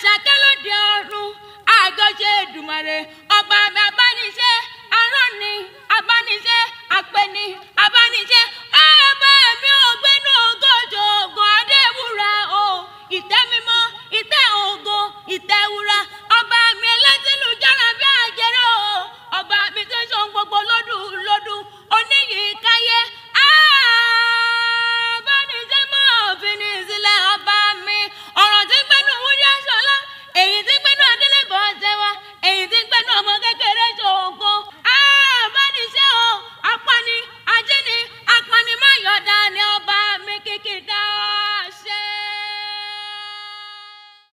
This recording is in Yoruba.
àṣàkẹ́ lóde ọ̀run àgọ́ṣe Èdùmàrè ọba mi abániṣẹ́.